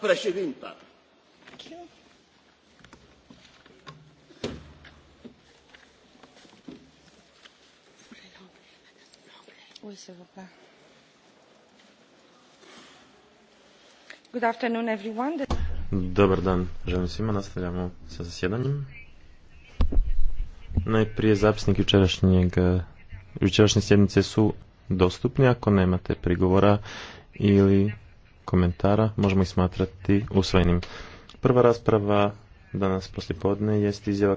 președintă. Dobar dan, želim svima. Nastavljamo sa zasjedanjem. Najprije zapisnik jučerašnjeg, jučerašnje sjednice su dostupni ako nemate prigovora ili komentara možemo ih smatrati usvojenim. Prva rasprava danas poslijepodne jest izjava